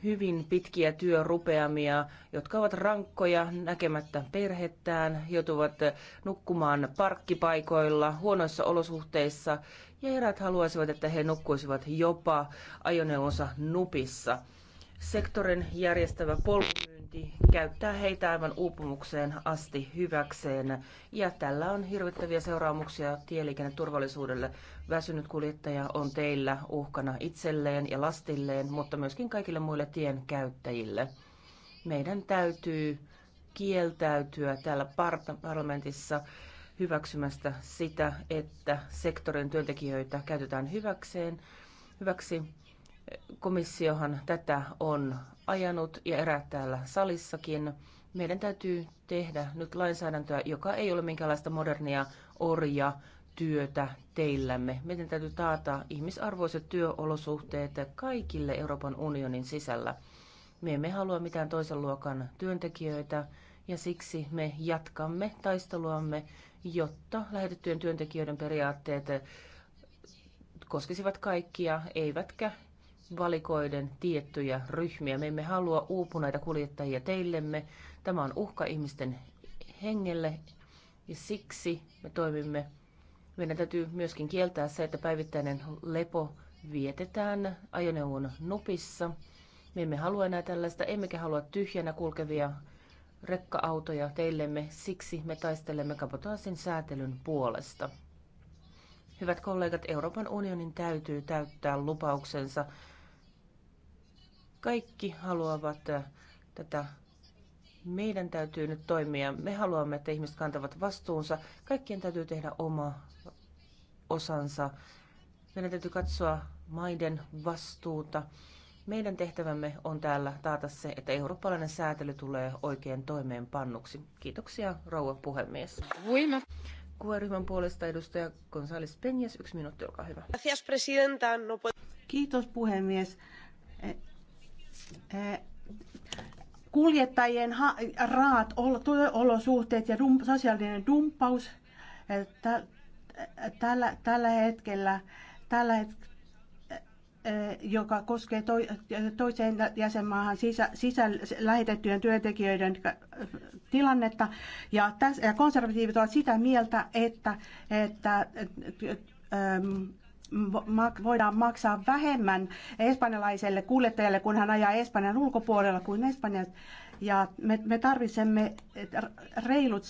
hyvin pitkiä työrupeamia, jotka ovat rankkoja näkemättä perhettään, joutuvat nukkumaan parkkipaikoilla, huonoissa olosuhteissa ja eräät haluaisivat, että he nukkuisivat jopa ajoneuvonsa nupissa. Sektorin järjestävä polkumyynti käyttää heitä aivan uupumukseen asti hyväkseen, ja tällä on hirvittäviä seuraamuksia tieliikenneturvallisuudelle. Väsynyt kuljettaja on teillä uhkana itselleen ja lastilleen, mutta myöskin kaikille muille tien käyttäjille. Meidän täytyy kieltäytyä täällä parlamentissa hyväksymästä sitä, että sektorin työntekijöitä käytetään hyväkseen. Hyväksi komissiohan tätä on ajanut ja erää täällä salissakin. Meidän täytyy tehdä nyt lainsäädäntöä, joka ei ole minkäänlaista modernia orja työtä teillämme. Meidän täytyy taata ihmisarvoiset työolosuhteet kaikille Euroopan unionin sisällä. Me emme halua mitään toisen luokan työntekijöitä ja siksi me jatkamme taisteluamme jotta lähetettyjen työntekijöiden periaatteet koskisivat kaikkia, eivätkä valikoiden tiettyjä ryhmiä. Me emme halua uupuneita kuljettajia teillemme. Tämä on uhka ihmisten hengelle ja siksi me toimimme. Meidän täytyy myöskin kieltää se, että päivittäinen lepo vietetään ajoneuvon nupissa. Me emme halua enää tällaista, emmekä halua tyhjänä kulkevia rekka-autoja teillemme, siksi me taistelemme kabotaasin säätelyn puolesta. Hyvät kollegat, Euroopan unionin täytyy täyttää lupauksensa. Kaikki haluavat äh, tätä. Meidän täytyy nyt toimia. Me haluamme, että ihmiset kantavat vastuunsa. Kaikkien täytyy tehdä oma osansa. Meidän täytyy katsoa maiden vastuuta. Meidän tehtävämme on täällä taata se, että eurooppalainen säätely tulee oikein toimeenpannuksi. Kiitoksia, rouva puhemies. Voimme. qe puolesta edustaja González Peñas, yksi minuutti, olkaa hyvä. No Kiitos puhemies. Eh, eh, kuljettajien raat, olosuhteet ja dum, sosiaalinen dumppaus eh, tällä, tällä hetkellä, tällä hetkellä Eh, joka koskee toiseen jäsenmaahan sisä, sisä, lähetettyjen työntekijöiden tilannetta. Ja, ja konservatiivit ovat sitä mieltä, että, että ähm, voidaan maksaa vähemmän espanjalaiselle kuljettajalle, kun hän ajaa Espanjan ulkopuolella kuin Espanjassa. Ja me, me tarvitsemme reilut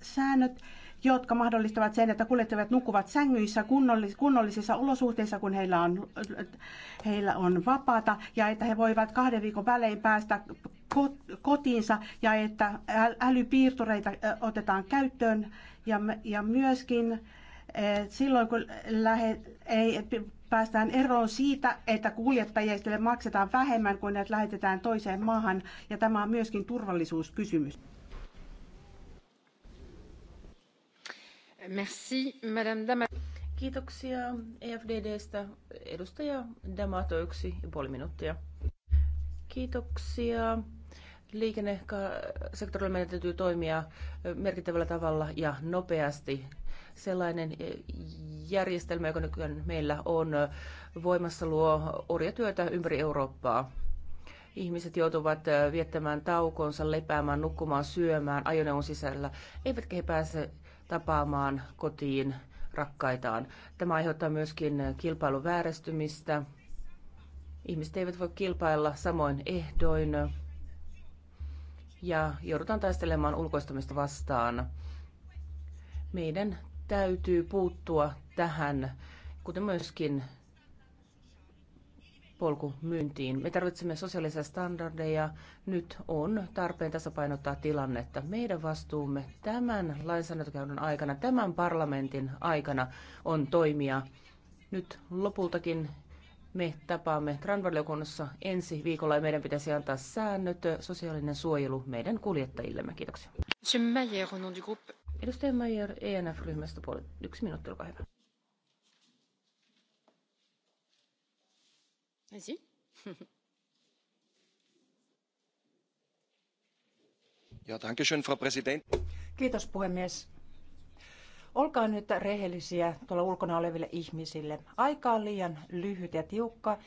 säännöt jotka mahdollistavat sen, että kuljettajat nukkuvat sängyissä kunnollisissa olosuhteissa, kun heillä on, heillä on vapaata, ja että he voivat kahden viikon välein päästä kotiinsa, ja että älypiirtureita otetaan käyttöön, ja, ja myöskin silloin, kun lähe, ei, päästään eroon siitä, että kuljettajille maksetaan vähemmän kuin ne lähetetään toiseen maahan, ja tämä on myöskin turvallisuuskysymys. Kiitoksia EFDDstä. Edustaja Damato, yksi ja puoli minuuttia. Kiitoksia. Liikennesektorilla meidän täytyy toimia merkittävällä tavalla ja nopeasti. Sellainen e, järjestelmä, joka nykyään meillä on voimassa, luo orjatyötä ympäri Eurooppaa. Ihmiset joutuvat e, viettämään taukonsa, lepäämään, nukkumaan, syömään ajoneuvon sisällä, eivätkä he pääse tapaamaan kotiin rakkaitaan. Tämä aiheuttaa myöskin kilpailun Ihmiset eivät voi kilpailla samoin ehdoin ja joudutaan taistelemaan ulkoistamista vastaan. Meidän täytyy puuttua tähän, kuten myöskin polku myyntiin. Me tarvitsemme sosiaalisia standardeja. Nyt on tarpeen tasapainottaa tilannetta. Meidän vastuumme tämän lainsäädäntökäynnön aikana, tämän parlamentin aikana on toimia. Nyt lopultakin me tapaamme Transvaliokunnassa ensi viikolla ja meidän pitäisi antaa säännöt, sosiaalinen suojelu meidän kuljettajillemme. Kiitoksia. Edustaja Meijer, ENF-ryhmästä puolet. Yksi minuutti, olkaa hyvä. frau präsidentin! kiitos puhemies. olkaa nyt rehellisiä tuolla ulkona oleville ihmisille. aika on liian lyhyt ja tiukka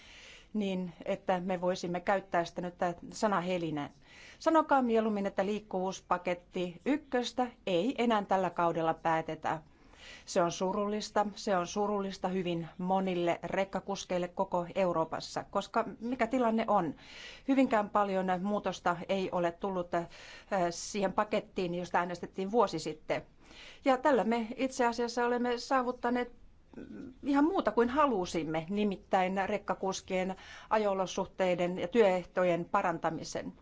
niin, että me voisimme käyttää sitä nyt helinä. Sanokaa mieluummin, että liikkuvuuspaketti ykköstä ei enää tällä kaudella päätetä. Se on surullista. Se on surullista hyvin monille rekkakuskeille koko Euroopassa, koska mikä tilanne on? Hyvinkään paljon muutosta ei ole tullut äh, siihen pakettiin, josta äänestettiin vuosi sitten. Ja tällä me itse asiassa olemme saavuttaneet ihan muuta kuin halusimme, nimittäin rekkakuskien ajolosuhteiden ja työehtojen parantamisen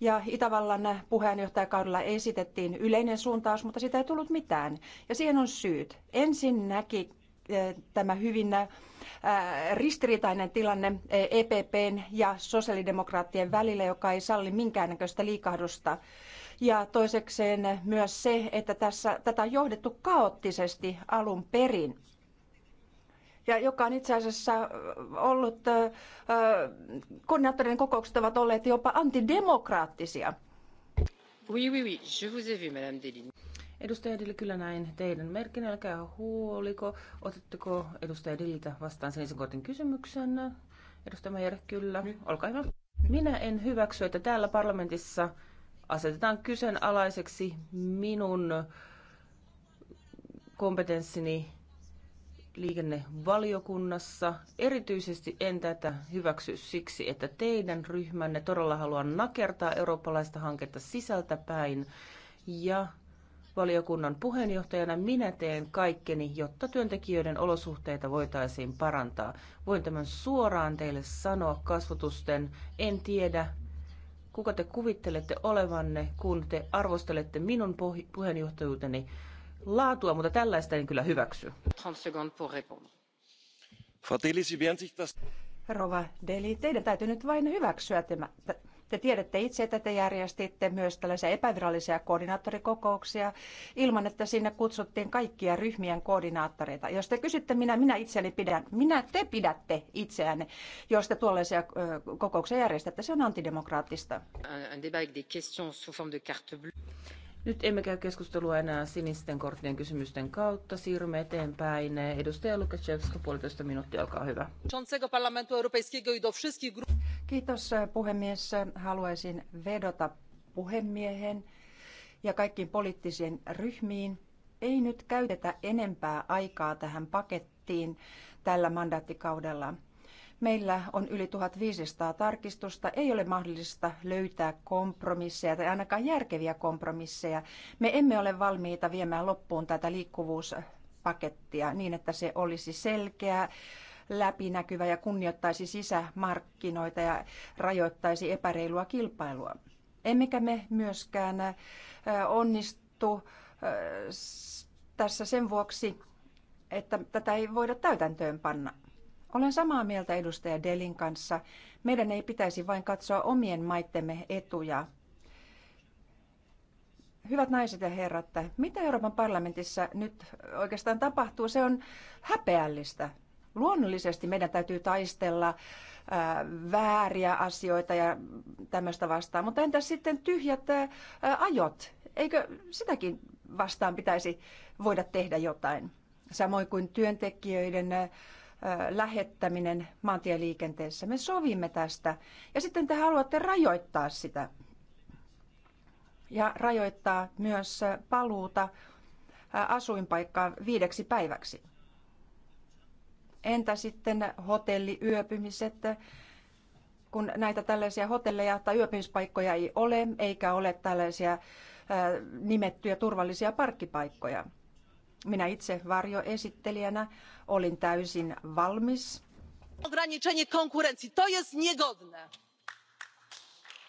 ja Itävallan puheenjohtajakaudella esitettiin yleinen suuntaus, mutta sitä ei tullut mitään. Ja siihen on syyt. näki eh, tämä hyvin eh, ristiriitainen tilanne EPPn eh, e ja sosiaalidemokraattien välillä, joka ei salli minkäännäköistä liikahdusta. Ja toisekseen myös se, että tässä, tätä on johdettu kaoottisesti alun perin ja joka on itse asiassa ollut, koordinaattorien kokoukset ovat olleet jopa antidemokraattisia. Oui, oui, oui, je vous ai vu, Madame Deline. Edustaja Dilli, kyllä näin teidän merkin, älkää huoliko. Otetteko edustaja Dilliltä vastaan sinisen kortin kysymyksen? Edustaja Meijer, kyllä. Nyt. Olkaa hyvä. Minä en hyväksy, että täällä parlamentissa asetetaan kyseenalaiseksi minun kompetenssini liikennevaliokunnassa. Erityisesti en tätä hyväksy siksi, että teidän ryhmänne todella haluaa nakertaa eurooppalaista hanketta sisältä päin. Ja valiokunnan puheenjohtajana minä teen kaikkeni, jotta työntekijöiden olosuhteita voitaisiin parantaa. Voin tämän suoraan teille sanoa kasvotusten. En tiedä, kuka te kuvittelette olevanne, kun te arvostelette minun puheenjohtajuuteni laatua, mutta tällaista en kyllä hyväksy. Rova Deli, teidän täytyy nyt vain hyväksyä tämä. Te tiedätte itse, että te järjestitte myös tällaisia epävirallisia koordinaattorikokouksia ilman, että sinne kutsuttiin kaikkia ryhmien koordinaattoreita. Jos te kysytte minä, minä itseäni pidän, minä te pidätte itseänne, jos te tuollaisia kokouksia järjestätte. Se on antidemokraattista. Nyt emme käy keskustelua enää sinisten korttien kysymysten kautta. Siirrymme eteenpäin. Edustaja Lukashevska, puolitoista minuuttia, olkaa hyvä. Kiitos puhemies. Haluaisin vedota puhemiehen ja kaikkiin poliittisiin ryhmiin. Ei nyt käytetä enempää aikaa tähän pakettiin tällä mandaattikaudella. Meillä on yli 1500 tarkistusta. Ei ole mahdollista löytää kompromisseja tai ainakaan järkeviä kompromisseja. Me emme ole valmiita viemään loppuun tätä liikkuvuuspakettia niin, että se olisi selkeä, läpinäkyvä ja kunnioittaisi sisämarkkinoita ja rajoittaisi epäreilua kilpailua. Emmekä me myöskään onnistu tässä sen vuoksi, että tätä ei voida täytäntöön panna. Olen samaa mieltä edustaja Delin kanssa. Meidän ei pitäisi vain katsoa omien maittemme etuja. Hyvät naiset ja herrat, mitä Euroopan parlamentissa nyt oikeastaan tapahtuu, se on häpeällistä. Luonnollisesti meidän täytyy taistella äh, vääriä asioita ja tämmöistä vastaan, mutta entä sitten tyhjät ää, äh, ajot? Eikö sitäkin vastaan pitäisi voida tehdä jotain? Samoin kuin työntekijöiden äh, lähettäminen maantieliikenteessä. Me sovimme tästä ja sitten te haluatte rajoittaa sitä ja rajoittaa myös paluuta asuinpaikkaan viideksi päiväksi. Entä sitten hotelliyöpymiset? Kun näitä tällaisia hotelleja tai yöpymispaikkoja ei ole, eikä ole tällaisia nimettyjä turvallisia parkkipaikkoja – minä itse varjoesittelijänä olin täysin valmis. Ograniczenie konkurencji to jest niegodne.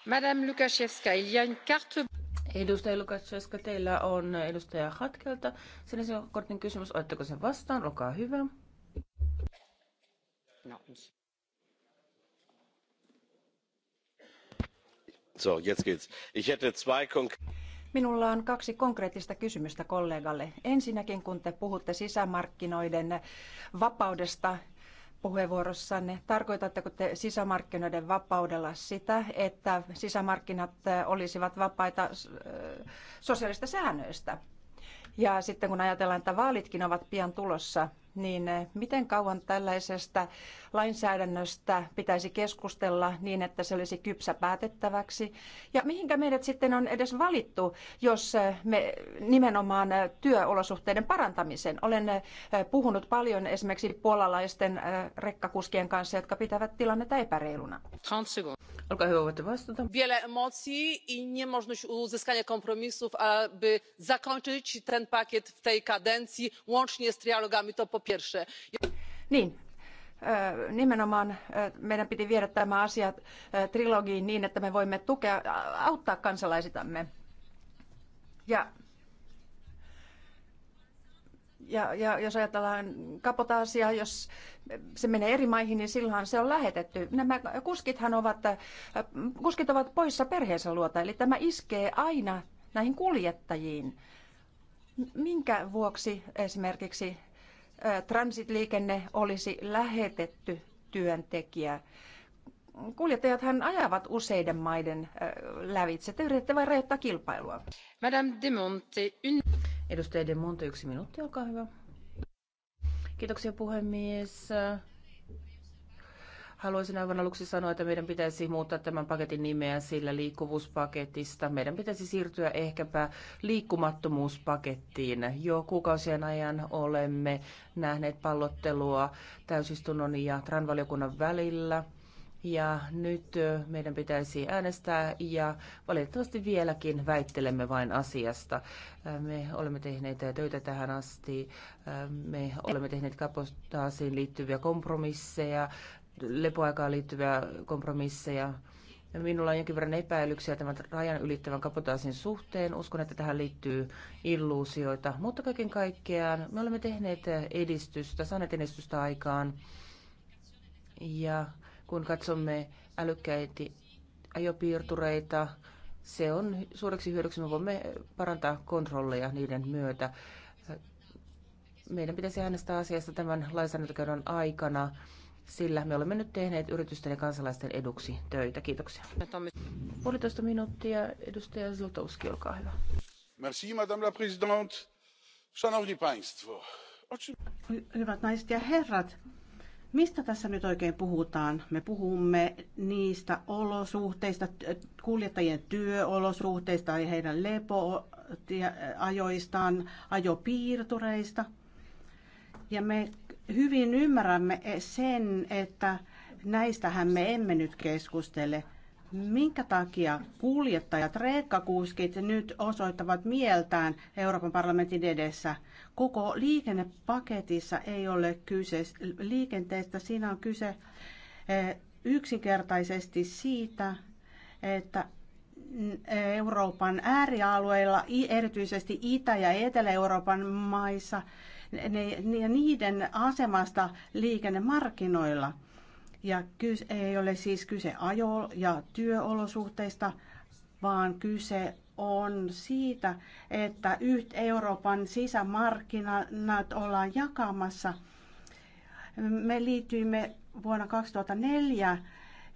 Madame Lukaszewska, il y a une carte... Edustaja Lukaszewska, teillä on edustaja Hatkelta. Sinä se kortin kysymys, otteko sen vastaan? Olkaa hyvä. No. So, jetzt geht's. Ich hätte zwei konkrete Minulla on kaksi konkreettista kysymystä kollegalle. Ensinnäkin, kun te puhutte sisämarkkinoiden vapaudesta puheenvuorossanne, tarkoitatteko te sisämarkkinoiden vapaudella sitä, että sisämarkkinat olisivat vapaita sosiaalista säännöistä? Ja sitten kun ajatellaan, että vaalitkin ovat pian tulossa, niin eh, miten kauan tällaisesta lainsäädännöstä pitäisi keskustella niin, että se olisi kypsä päätettäväksi? Ja mihinkä meidät sitten on edes valittu, jos eh, me nimenomaan eh, työolosuhteiden parantamisen? Olen puhunut paljon esimerkiksi puolalaisten rekkakuskien kanssa, jotka pitävät tilannetta epäreiluna. Olkaa hyvä, voitte vastata. Vielä emocji i niemożność uzyskania kompromisów, aby zakończyć ten pakiet w tej kadencji, łącznie z trialogami, to po pierwsze. Niin, nimenomaan meidän piti viedä tämä asia trilogiin niin, että me voimme tukea, auttaa kansalaisitamme. Ja, ja, ja jos ajatellaan kapotaasia, jos se menee eri maihin, niin silloin se on lähetetty. Nämä kuskithan ovat, kuskit ovat poissa perheensä luota, eli tämä iskee aina näihin kuljettajiin. Minkä vuoksi esimerkiksi transitliikenne olisi lähetetty työntekijä. Kuljettajat hän ajavat useiden maiden lävitse. Te yritätte vain rajoittaa kilpailua. Madame de Monte, un... Edustaja de Monte, yksi minuutti, olkaa hyvä. Kiitoksia puhemies. Haluaisin aivan aluksi sanoa, että meidän pitäisi muuttaa tämän paketin nimeä sillä liikkuvuuspaketista. Meidän pitäisi siirtyä ehkäpä liikkumattomuuspakettiin. Jo kuukausien ajan olemme nähneet pallottelua täysistunnon ja tranvaliokunnan välillä. Ja nyt meidän pitäisi äänestää ja valitettavasti vieläkin väittelemme vain asiasta. Me olemme tehneet töitä tähän asti, me olemme tehneet kapostaasiin liittyviä kompromisseja, lepoaikaan liittyviä kompromisseja. Minulla on jonkin verran epäilyksiä tämän rajan ylittävän kapotaasin suhteen. Uskon, että tähän liittyy illuusioita. Mutta kaiken kaikkiaan me olemme tehneet edistystä, saaneet edistystä aikaan. Ja kun katsomme älykkäitä ajopiirtureita, se on suureksi hyödyksi. Me voimme parantaa kontrolleja niiden myötä. Meidän pitäisi äänestää asiasta tämän lainsäädäntökäydön aikana sillä me olemme nyt tehneet yritysten ja kansalaisten eduksi töitä. Kiitoksia. Puolitoista minuuttia. Edustaja Zlotowski, olkaa hyvä. Merci, madame la présidente. Szanowni państwo. Hyvät naiset ja herrat, Mistä tässä nyt oikein puhutaan? Me puhumme niistä olosuhteista, kuljettajien työolosuhteista ja heidän lepoajoistaan, ajopiirtureista. Ja me hyvin ymmärrämme sen, että näistähän me emme nyt keskustele. Minkä takia kuljettajat, rekkakuskit nyt osoittavat mieltään Euroopan parlamentin edessä? Koko liikennepaketissa ei ole kyse liikenteestä, siinä on kyse eh, yksinkertaisesti siitä, että Euroopan äärialueilla, erityisesti Itä- ja Etelä-Euroopan maissa, ja niiden asemasta liikennemarkkinoilla. Ja kyse, ei ole siis kyse ajo- ja työolosuhteista, vaan kyse on siitä, että yht Euroopan sisämarkkinat ollaan jakamassa. Me liityimme vuonna 2004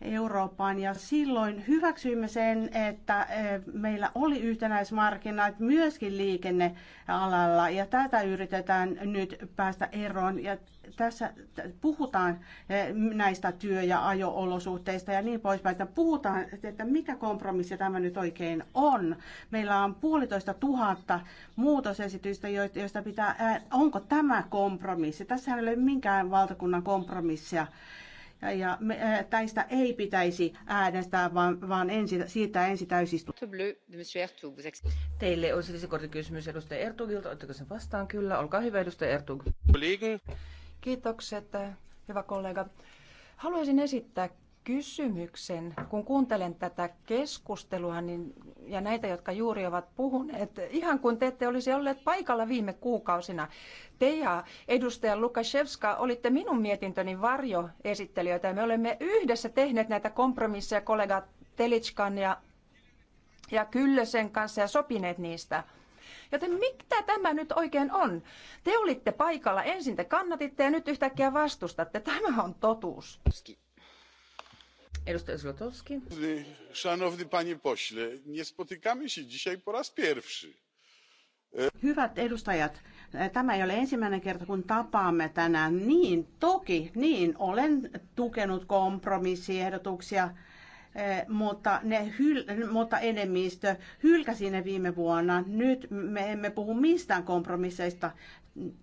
Eurooppaan ja silloin hyväksyimme sen, että eh, meillä oli yhtenäismarkkinat myöskin liikennealalla ja tätä yritetään nyt päästä eroon ja tässä puhutaan eh, näistä työ- ja ajo-olosuhteista ja niin poispäin, että puhutaan, että mikä kompromissi tämä nyt oikein on. Meillä on puolitoista tuhatta muutosesitystä, joista pitää, eh, onko tämä kompromissi. Tässä ei ole minkään valtakunnan kompromissia ja me, ää, tästä ei pitäisi äänestää, vaan, vaan ensi, siitä ensi täysistunto. Teille on siis kysymys edustaja Ertugilta. Oletteko sen vastaan? Kyllä. Olkaa hyvä, edustaja Ertug. Kiitokset, hyvä kollega. Haluaisin esittää kysymyksen. Kun kuuntelen tätä keskustelua niin, ja näitä, jotka juuri ovat puhuneet, ihan kuin te ette olisi olleet paikalla viime kuukausina. Te ja edustaja Lukashevska olitte minun mietintöni varjoesittelijöitä ja me olemme yhdessä tehneet näitä kompromisseja kollega Telitskan ja, ja Kyllösen kanssa ja sopineet niistä. Joten mitä tämä nyt oikein on? Te olitte paikalla, ensin te kannatitte ja nyt yhtäkkiä vastustatte. Tämä on totuus. Szanowny panie pośle, nie spotykamy się dzisiaj po raz pierwszy. Hyvät edustajat, tämä ei ole ensimmäinen kerta, kun tapaamme tänään. Niin, toki, niin, olen tukenut kompromissiehdotuksia, eh, mutta, ne hyl- mutta enemmistö hylkäsi ne viime vuonna. Nyt me emme puhu mistään kompromisseista.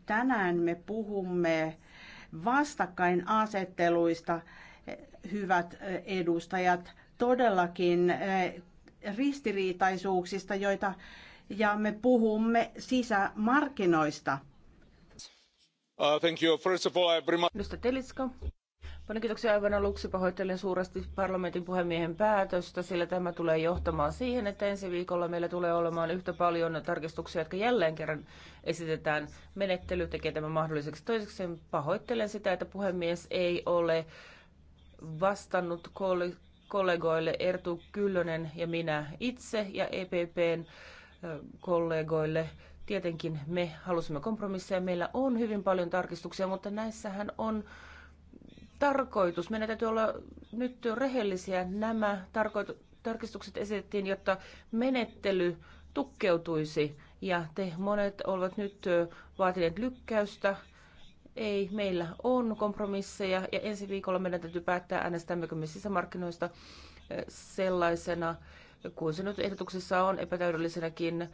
Tänään me puhumme vastakkainasetteluista hyvät edustajat, todellakin ristiriitaisuuksista, joita ja me puhumme sisämarkkinoista. Uh, thank you. First of all, I Paljon kiitoksia aivan aluksi. Pahoittelen suuresti parlamentin puhemiehen päätöstä, sillä tämä tulee johtamaan siihen, että ensi viikolla meillä tulee olemaan yhtä paljon tarkistuksia, jotka jälleen kerran esitetään. Menettely tekee tämän mahdolliseksi. Toiseksi pahoittelen sitä, että puhemies ei ole vastannut kollegoille Ertu Kyllönen ja minä itse ja EPPn kollegoille. Tietenkin me halusimme kompromisseja. Meillä on hyvin paljon tarkistuksia, mutta näissähän on tarkoitus. Meidän täytyy olla nyt rehellisiä. Nämä tarkistukset esitettiin, jotta menettely tukkeutuisi ja te monet ovat nyt vaatineet lykkäystä ei, meillä on kompromisseja ja ensi viikolla meidän täytyy päättää, äänestämmekö me sisämarkkinoista eh, sellaisena kuin se nyt ehdotuksessa on epätäydellisenäkin,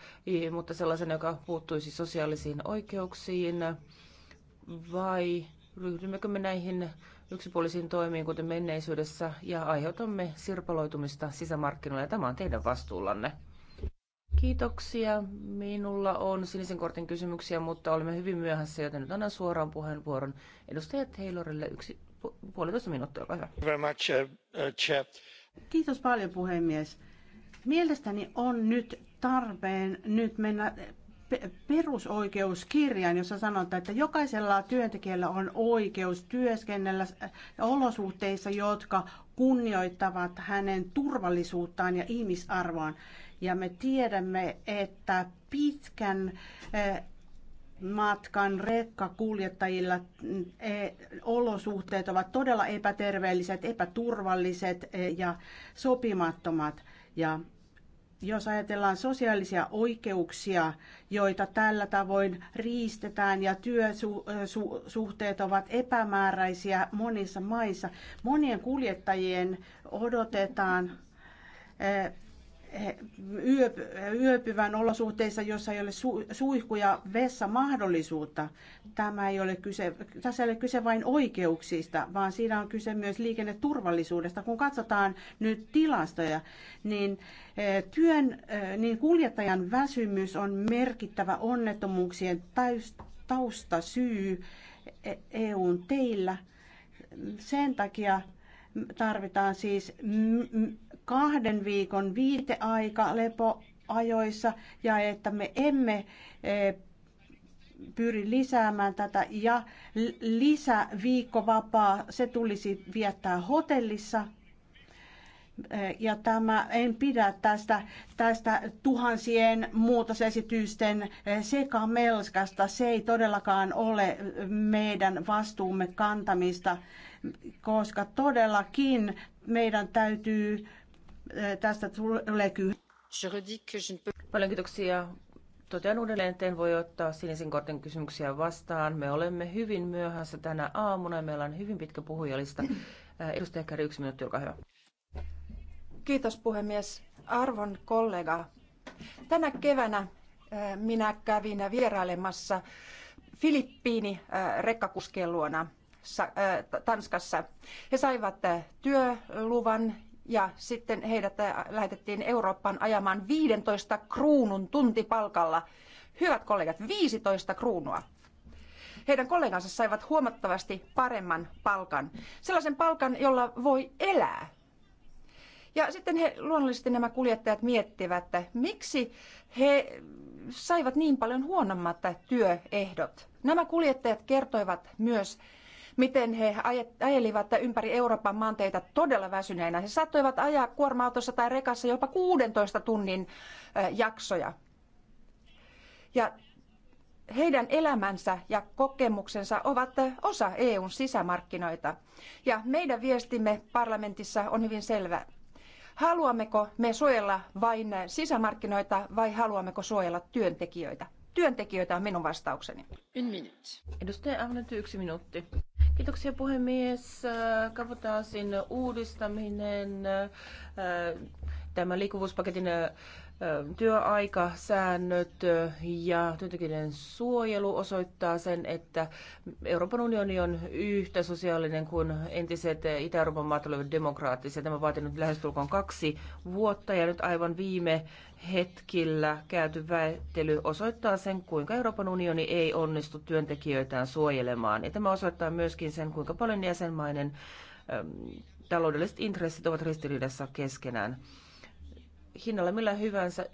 mutta sellaisena, joka puuttuisi sosiaalisiin oikeuksiin, vai ryhdymmekö me näihin yksipuolisiin toimiin, kuten menneisyydessä, ja aiheutamme sirpaloitumista sisämarkkinoilla. Tämä on teidän vastuullanne. Kiitoksia. Minulla on sinisen kortin kysymyksiä, mutta olemme hyvin myöhässä, joten nyt annan suoraan puheenvuoron edustaja Taylorille yksi pu- puolitoista minuuttia. Olkaa hyvä. Very much, uh, uh chair. Kiitos paljon puhemies. Mielestäni on nyt tarpeen nyt mennä perusoikeuskirjan, jossa sanotaan, että jokaisella työntekijällä on oikeus työskennellä äh, olosuhteissa, jotka kunnioittavat hänen turvallisuuttaan ja ihmisarvoaan. Ja me tiedämme, että pitkän eh, matkan rekkakuljettajilla eh, olosuhteet ovat todella epäterveelliset, epäturvalliset eh, ja sopimattomat. Ja jos ajatellaan sosiaalisia oikeuksia, joita tällä tavoin riistetään ja työsuhteet ovat epämääräisiä monissa maissa, monien kuljettajien odotetaan yöpyvän olosuhteissa, jossa ei ole su- suihkuja vessa mahdollisuutta. Tämä ei ole kyse, tässä ei ole kyse vain oikeuksista, vaan siinä on kyse myös liikenneturvallisuudesta. Kun katsotaan nyt tilastoja, niin, e, työn, e, niin kuljettajan väsymys on merkittävä onnettomuuksien taustasyy EUn e teillä. Sen takia tarvitaan siis kahden viikon viiteaika lepoajoissa ja että me emme e, pyri lisäämään tätä ja lisä se tulisi viettää hotellissa e, ja tämä, en pidä tästä, tästä tuhansien muutosesitysten e, sekamelskasta. Se ei todellakaan ole meidän vastuumme kantamista, koska todellakin meidän täytyy Tästä tulee kyllä. Paljon kiitoksia. Totean uudelleen, että en voi ottaa sinisen kortin kysymyksiä vastaan. Me olemme hyvin myöhässä tänä aamuna. Meillä on hyvin pitkä puhujalista. Edustaja Käri, yksi minuutti, olkaa hyvä. Kiitos puhemies. Arvon kollega, tänä keväänä minä kävin vierailemassa Filippiini rekkakuskien luona Tanskassa. He saivat työluvan ja sitten heidät äh, lähetettiin Eurooppaan ajamaan 15 kruunun tuntipalkalla. Hyvät kollegat, 15 kruunua. Heidän kollegansa saivat huomattavasti paremman palkan. Sellaisen palkan, jolla voi elää. Ja sitten he, luonnollisesti nämä kuljettajat miettivät, että miksi he saivat niin paljon huonommat työehdot. Nämä kuljettajat kertoivat myös, miten he ajelivat ympäri Euroopan maanteita todella väsyneinä. He saattoivat ajaa kuorma-autossa tai rekassa jopa 16 tunnin jaksoja. Ja heidän elämänsä ja kokemuksensa ovat osa EUn sisämarkkinoita. Ja meidän viestimme parlamentissa on hyvin selvä. Haluammeko me suojella vain sisämarkkinoita vai haluammeko suojella työntekijöitä? Työntekijöitä on minun vastaukseni. Edustaja Ahvenanty, yksi minuutti. Kiitoksia puhemies. Äh, Kapotaasin uudistaminen, äh, tämä liikkuvuuspaketin äh, työaikasäännöt ja työntekijöiden suojelu osoittaa sen, että Euroopan unioni on yhtä sosiaalinen kuin entiset Itä-Euroopan maat olivat demokraattisia. Tämä vaatii nyt lähestulkoon kaksi vuotta ja nyt aivan viime hetkillä käyty väittely osoittaa sen, kuinka Euroopan unioni ei onnistu työntekijöitään suojelemaan. Ja tämä osoittaa myöskin sen, kuinka paljon jäsenmainen taloudelliset intressit ovat ristiriidassa keskenään hinnalla millä hyvänsä